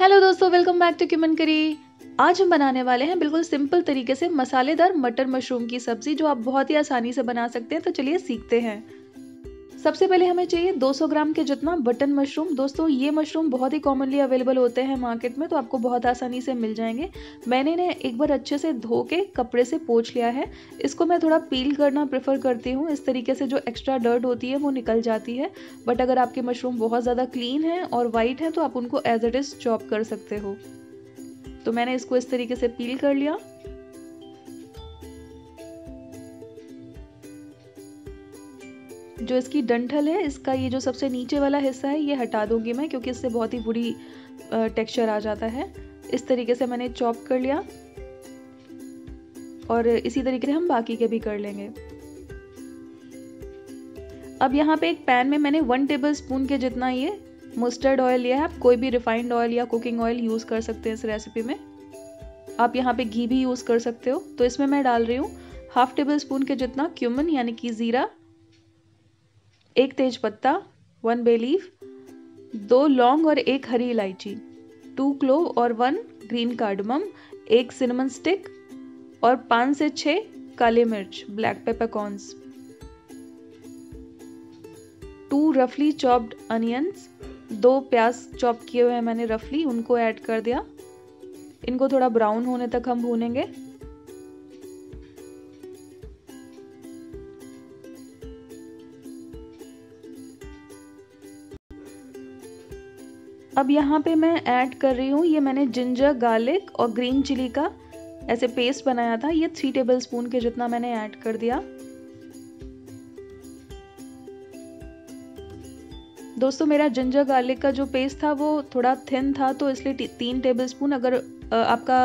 hello दोस्तों welcome back to cumin curry आज हम बनाने वाले हैं बिल्कुल सिंपल तरीके से मसालेदार मटर मशरूम की सब्जी जो आप बहुत ही आसानी से बना सकते हैं तो चलिए सीखते हैं सबसे पहले हमें चाहिए 200 ग्राम के जितना बटन मशरूम दोस्तों ये मशरूम बहुत ही कॉमनली अवेलेबल होते हैं मार्केट में तो आपको बहुत आसानी से मिल जाएंगे मैंने इन्हें एक बार अच्छे से धो के कपड़े से पोछ लिया है इसको मैं थोड़ा पील करना प्रेफर करती हूँ इस तरीके से जो एक्स्ट्रा डर्ट होती है वो निकल जाती है बट अगर आपके मशरूम बहुत ज़्यादा क्लीन है और वाइट है तो आप उनको एज इट इज़ चॉप कर सकते हो तो मैंने इसको इस तरीके से पील कर लिया जो इसकी डंठल है इसका ये जो सबसे नीचे वाला हिस्सा है ये हटा दूंगी मैं क्योंकि इससे बहुत ही बुरी टेक्सचर आ जाता है इस तरीके से मैंने चॉप कर लिया और इसी तरीके से हम बाकी के भी कर लेंगे अब यहाँ पे एक पैन में मैंने वन टेबल स्पून के जितना ये मस्टर्ड ऑयल लिया है आप कोई भी रिफाइंड ऑयल या कुकिंग ऑयल यूज़ कर सकते हैं इस रेसिपी में आप यहाँ पे घी भी यूज़ कर सकते हो तो इसमें मैं डाल रही हूँ हाफ टेबल स्पून के जितना क्यूमन यानी कि ज़ीरा एक तेज पत्ता वन बे लीफ दो लौंग और एक हरी इलायची टू क्लोव और वन ग्रीन कार्डमम एक सिनेमन स्टिक और पाँच से छः काले मिर्च ब्लैक पेपरकॉर्न्स टू रफली चॉप्ड अनियंस दो प्याज चॉप किए हुए हैं मैंने रफली उनको ऐड कर दिया इनको थोड़ा ब्राउन होने तक हम भूनेंगे अब यहाँ पे मैं ऐड कर रही हूँ ये मैंने जिंजर गार्लिक और ग्रीन चिली का ऐसे पेस्ट बनाया था ये थ्री टेबल स्पून के जितना मैंने ऐड कर दिया दोस्तों मेरा जिंजर गार्लिक का जो पेस्ट था वो थोड़ा थिन था तो इसलिए तीन टेबल स्पून अगर आपका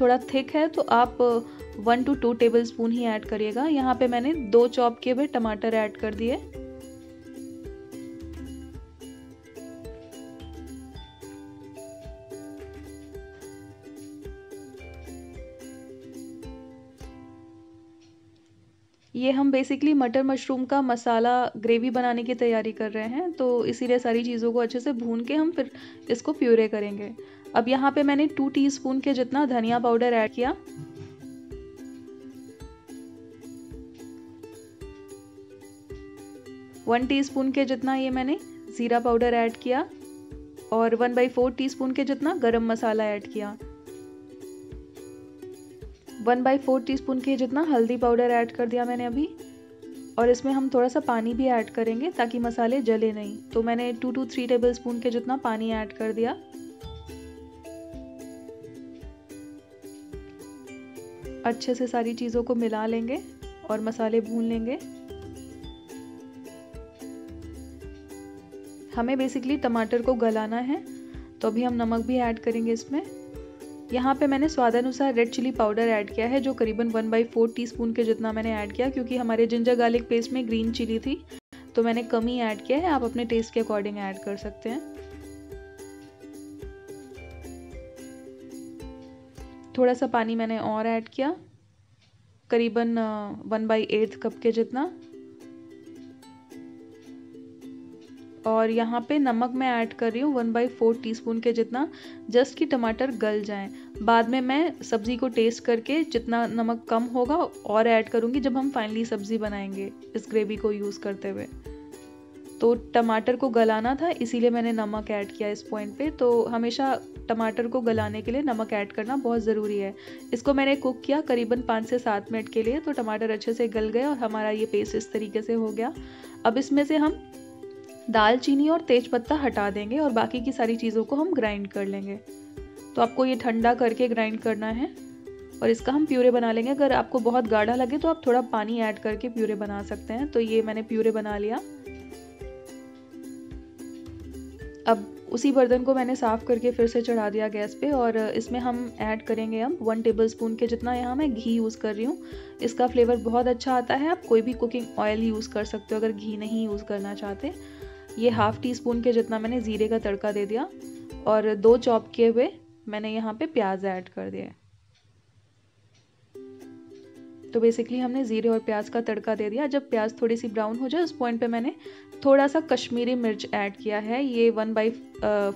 थोड़ा थिक है तो आप one two two tablespoon ही ऐड करिएगा यहाँ पे मैंने दो चॉप किए हुए टमाटर ऐड कर दिए ये हम बेसिकली मटर मशरूम का मसाला ग्रेवी बनाने की तैयारी कर रहे हैं तो इसीलिए सारी चीज़ों को अच्छे से भून के हम फिर इसको प्यूरे करेंगे अब यहाँ पे मैंने टू टीस्पून के जितना धनिया पाउडर ऐड किया वन टीस्पून के जितना ये मैंने ज़ीरा पाउडर ऐड किया और वन बाई फोर टी के जितना गर्म मसाला ऐड किया वन बाई फोर टी के जितना हल्दी पाउडर ऐड कर दिया मैंने अभी और इसमें हम थोड़ा सा पानी भी ऐड करेंगे ताकि मसाले जले नहीं तो मैंने two two three tablespoon के जितना पानी ऐड कर दिया अच्छे से सारी चीज़ों को मिला लेंगे और मसाले भून लेंगे हमें बेसिकली टमाटर को गलाना है तो अभी हम नमक भी ऐड करेंगे इसमें यहाँ पे मैंने स्वादानुसार रेड चिली पाउडर ऐड किया है जो करीबन वन बाई फोर टी के जितना मैंने ऐड किया क्योंकि हमारे जिंजर गार्लिक पेस्ट में ग्रीन चिली थी तो मैंने कम ही ऐड किया है आप अपने टेस्ट के अकॉर्डिंग ऐड कर सकते हैं थोड़ा सा पानी मैंने और ऐड किया करीबन वन बाई एट कप के जितना और यहाँ पे नमक मैं ऐड कर रही हूँ वन बाई फोर टी के जितना जस्ट कि टमाटर गल जाए बाद में मैं सब्ज़ी को टेस्ट करके जितना नमक कम होगा और ऐड करूँगी जब हम फाइनली सब्ज़ी बनाएंगे इस ग्रेवी को यूज़ करते हुए तो टमाटर को गलाना था इसीलिए मैंने नमक ऐड किया इस पॉइंट पे तो हमेशा टमाटर को गलाने के लिए नमक ऐड करना बहुत ज़रूरी है इसको मैंने कुक किया करीबन पाँच से सात मिनट के लिए तो टमाटर अच्छे से गल गए और हमारा ये पेस्ट इस तरीके से हो गया अब इसमें से हम दालचीनी और तेज़पत्ता हटा देंगे और बाकी की सारी चीज़ों को हम ग्राइंड कर लेंगे तो आपको ये ठंडा करके ग्राइंड करना है और इसका हम प्यूरे बना लेंगे अगर आपको बहुत गाढ़ा लगे तो आप थोड़ा पानी ऐड करके प्यूरे बना सकते हैं तो ये मैंने प्यूरे बना लिया अब उसी बर्तन को मैंने साफ़ करके फिर से चढ़ा दिया गैस पे और इसमें हम ऐड करेंगे हम वन टेबल स्पून के जितना यहाँ मैं घी यूज़ कर रही हूँ इसका फ्लेवर बहुत अच्छा आता है आप कोई भी कुकिंग ऑयल यूज़ कर सकते हो अगर घी नहीं यूज़ करना चाहते ये हाफ़ टी स्पून के जितना मैंने ज़ीरे का तड़का दे दिया और दो चॉप किए हुए मैंने यहाँ पे प्याज ऐड कर दिए तो बेसिकली हमने ज़ीरे और प्याज का तड़का दे दिया जब प्याज थोड़ी सी ब्राउन हो जाए उस पॉइंट पे मैंने थोड़ा सा कश्मीरी मिर्च ऐड किया है ये one by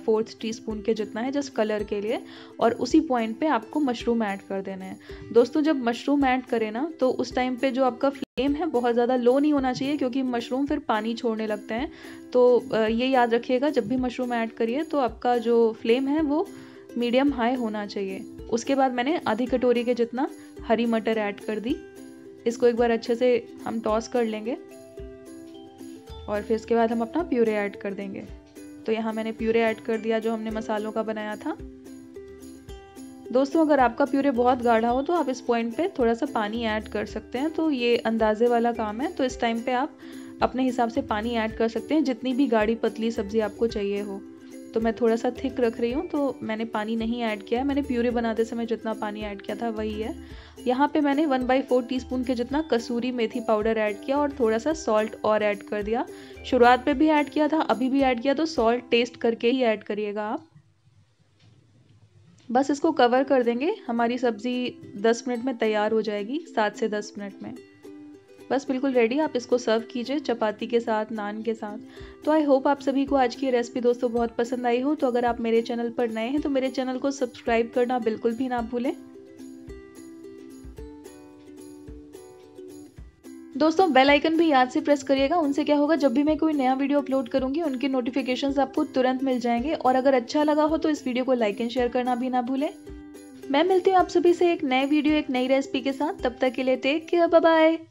fourth teaspoon के जितना है जस्ट कलर के लिए और उसी पॉइंट पे आपको मशरूम ऐड कर देना है दोस्तों जब मशरूम ऐड करें ना तो उस टाइम पे जो आपका फ्लेम है बहुत ज़्यादा लो नहीं होना चाहिए क्योंकि मशरूम फिर पानी छोड़ने लगते हैं तो ये याद रखिएगा जब भी मशरूम ऐड करिए तो आपका जो फ्लेम है वो मीडियम हाई होना चाहिए उसके बाद मैंने आधी कटोरी के जितना हरी मटर ऐड कर दी इसको एक बार अच्छे से हम टॉस कर लेंगे और फिर इसके बाद हम अपना प्यूरे ऐड कर देंगे तो यहाँ मैंने प्यूरे ऐड कर दिया जो हमने मसालों का बनाया था दोस्तों अगर आपका प्यूरे बहुत गाढ़ा हो तो आप इस पॉइंट पे थोड़ा सा पानी ऐड कर सकते हैं तो ये अंदाजे वाला काम है तो इस टाइम पे आप अपने हिसाब से पानी ऐड कर सकते हैं जितनी भी गाढ़ी पतली सब्ज़ी आपको चाहिए हो तो मैं थोड़ा सा थिक रख रही हूँ तो मैंने पानी नहीं ऐड किया है मैंने प्यूरे बनाते समय जितना पानी ऐड किया था वही है यहाँ पे मैंने वन बाई फोर टी के जितना कसूरी मेथी पाउडर ऐड किया और थोड़ा सा सॉल्ट और ऐड कर दिया शुरुआत में भी ऐड किया था अभी भी ऐड किया तो सॉल्ट टेस्ट करके ही ऐड करिएगा आप बस इसको कवर कर देंगे हमारी सब्ज़ी 10 मिनट में तैयार हो जाएगी सात से 10 मिनट में बस बिल्कुल रेडी आप इसको सर्व कीजिए चपाती के साथ नान के साथ तो आई होप आप सभी को आज की रेसिपी दोस्तों बहुत पसंद आई हो तो अगर आप मेरे चैनल पर नए हैं तो मेरे चैनल को सब्सक्राइब करना बिल्कुल भी ना भूलें दोस्तों बेल आइकन भी याद से प्रेस करिएगा उनसे क्या होगा जब भी मैं कोई नया वीडियो अपलोड करूंगी उनके नोटिफिकेशंस आपको तुरंत मिल जाएंगे और अगर अच्छा लगा हो तो इस वीडियो को लाइक एंड शेयर करना भी ना भूलें मैं मिलती हूँ आप सभी से एक नए वीडियो एक नई रेसिपी के साथ तब तक के लिए टेक केयर बाय